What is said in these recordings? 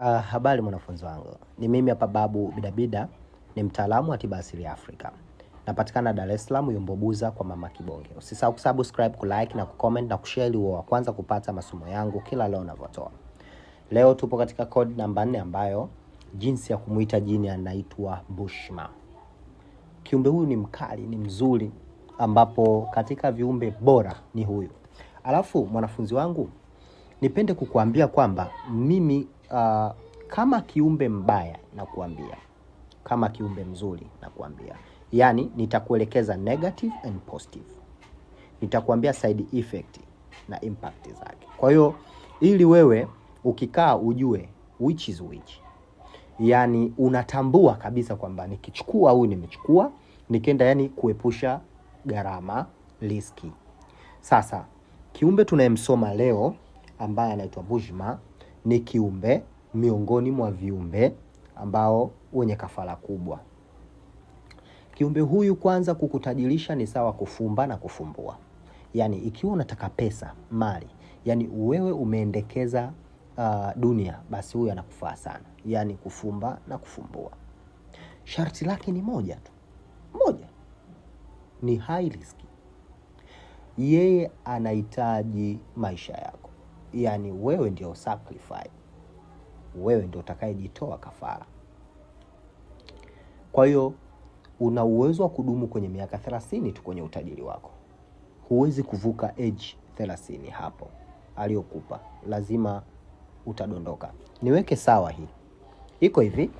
Uh, habari mwanafunzi wangu, ni mimi hapa Babu Bidabida, ni mtaalamu wa tiba asili Afrika, napatikana Dar es Salaam Yumbobuza kwa Mama Kibonge. Usisahau kusubscribe, kulike na kucomment na kushare ili uwe wa kwanza kupata masomo yangu kila leo ninavyotoa. Leo tupo katika code namba 4 ambayo jinsi ya kumuita jini anaitwa Bushma. Kiumbe huyu ni mkali, ni mzuri ambapo katika viumbe bora ni huyu. Alafu mwanafunzi wangu, nipende kukuambia kwamba mimi uh, kama kiumbe mbaya nakuambia, kama kiumbe mzuri nakuambia, yani nitakuelekeza negative and positive, nitakuambia side effect na impact zake. Kwa hiyo ili wewe ukikaa ujue which is which, yani unatambua kabisa kwamba nikichukua huyu nimechukua, nikienda, yani kuepusha gharama, riski. Sasa kiumbe tunayemsoma leo ambaye anaitwa Bujma ni kiumbe miongoni mwa viumbe ambao wenye kafara kubwa. Kiumbe huyu kwanza, kukutajirisha ni sawa kufumba na kufumbua. Yaani ikiwa unataka pesa, mali, yaani wewe umeendekeza uh, dunia, basi huyu anakufaa sana, yaani kufumba na kufumbua. Sharti lake ni moja tu, moja ni high risk. Yeye anahitaji maisha yako yani wewe ndio sacrifice, wewe ndio utakayejitoa kafara. Kwa hiyo una uwezo wa kudumu kwenye miaka 30 tu kwenye utajiri wako, huwezi kuvuka age 30 hapo aliyokupa, lazima utadondoka. Niweke sawa, hii iko hivi.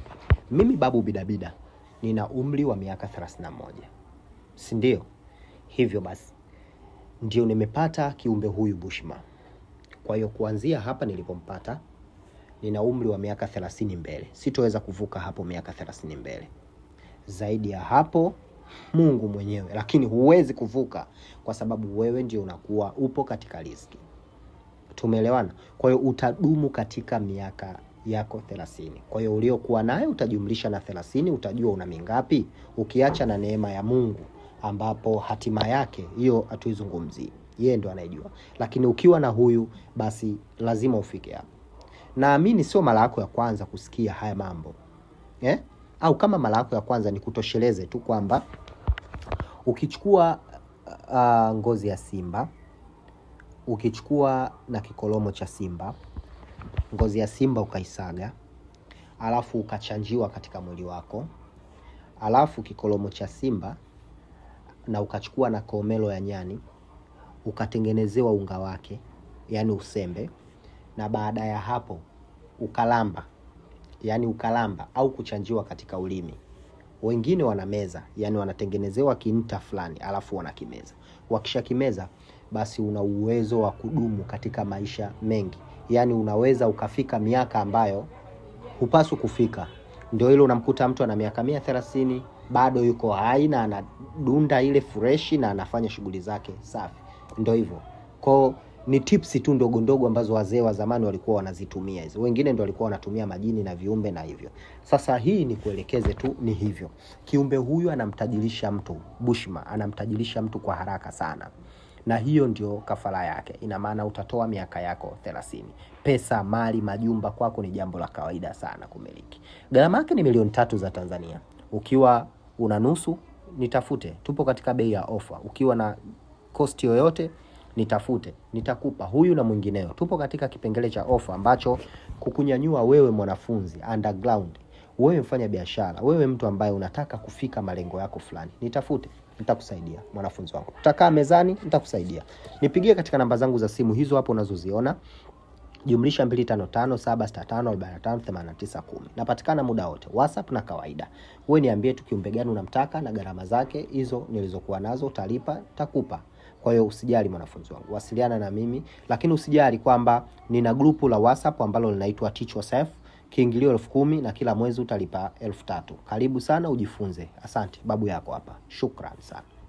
Mimi Babu Bidabida nina umri wa miaka 31, si ndio? Hivyo basi ndio nimepata kiumbe huyu Bushman. Kwa hiyo kuanzia hapa nilipompata nina umri wa miaka 30 mbele, sitoweza kuvuka hapo miaka 30 mbele. Zaidi ya hapo Mungu mwenyewe, lakini huwezi kuvuka kwa sababu wewe ndio unakuwa upo katika riski. Tumeelewana? Kwa hiyo utadumu katika miaka yako 30. Kwa hiyo uliokuwa naye utajumlisha na 30, utajua una mingapi, ukiacha na neema ya Mungu ambapo hatima yake hiyo hatuizungumzii yeye ndo anayejua, lakini ukiwa na huyu basi lazima ufike hapo. Naamini sio mara yako ya kwanza kusikia haya mambo eh? Au kama mara yako ya kwanza, ni kutosheleze tu kwamba ukichukua uh, ngozi ya simba, ukichukua na kikolomo cha simba, ngozi ya simba ukaisaga, alafu ukachanjiwa katika mwili wako, alafu kikolomo cha simba na ukachukua na komelo ya nyani ukatengenezewa unga wake, yani usembe, na baada ya hapo ukalamba, yani ukalamba au kuchanjiwa katika ulimi. Wengine wanameza, yani wanatengenezewa kinta fulani, alafu wanakimeza. Wakishakimeza basi una uwezo wa kudumu katika maisha mengi, yani unaweza ukafika miaka ambayo hupaswi kufika. Ndio hilo, unamkuta mtu ana miaka mia thelathini bado yuko hai na anadunda ile freshi na anafanya shughuli zake safi. Ndio hivyo Kwa ni tips tu ndogo ndogo ambazo wazee wa zamani walikuwa wanazitumia hizo, wengine ndio walikuwa wanatumia majini na viumbe na hivyo. Sasa hii ni kuelekeze tu, ni hivyo kiumbe huyu anamtajirisha mtu Bushma, anamtajirisha mtu kwa haraka sana, na hiyo ndio kafara yake. Ina maana utatoa miaka yako 30. Pesa, mali, majumba kwako ni jambo la kawaida sana kumiliki. Gharama yake ni milioni tatu za Tanzania. Ukiwa una nusu, nitafute, tupo katika bei ya ofa. Ukiwa na cost yoyote nitafute, nitakupa huyu na mwingineo. Tupo katika kipengele cha ofa ambacho kukunyanyua wewe mwanafunzi underground, wewe mfanya biashara, wewe mtu ambaye unataka kufika malengo yako fulani, nitafute nitakusaidia mwanafunzi wangu, tutakaa mezani, nitakusaidia. Nipigie katika namba zangu za simu hizo hapo unazoziona, jumlisha 255765458910 napatikana muda wote WhatsApp na kawaida. Wewe niambie tu kiumbe gani unamtaka na gharama zake hizo nilizokuwa nazo, utalipa takupa. Kwa hiyo usijali mwanafunzi wangu, wasiliana na mimi, lakini usijali kwamba nina grupu la WhatsApp ambalo linaitwa Teach Yourself, kiingilio elfu kumi na kila mwezi utalipa elfu tatu. Karibu sana ujifunze. Asante, babu yako hapa. Shukrani sana.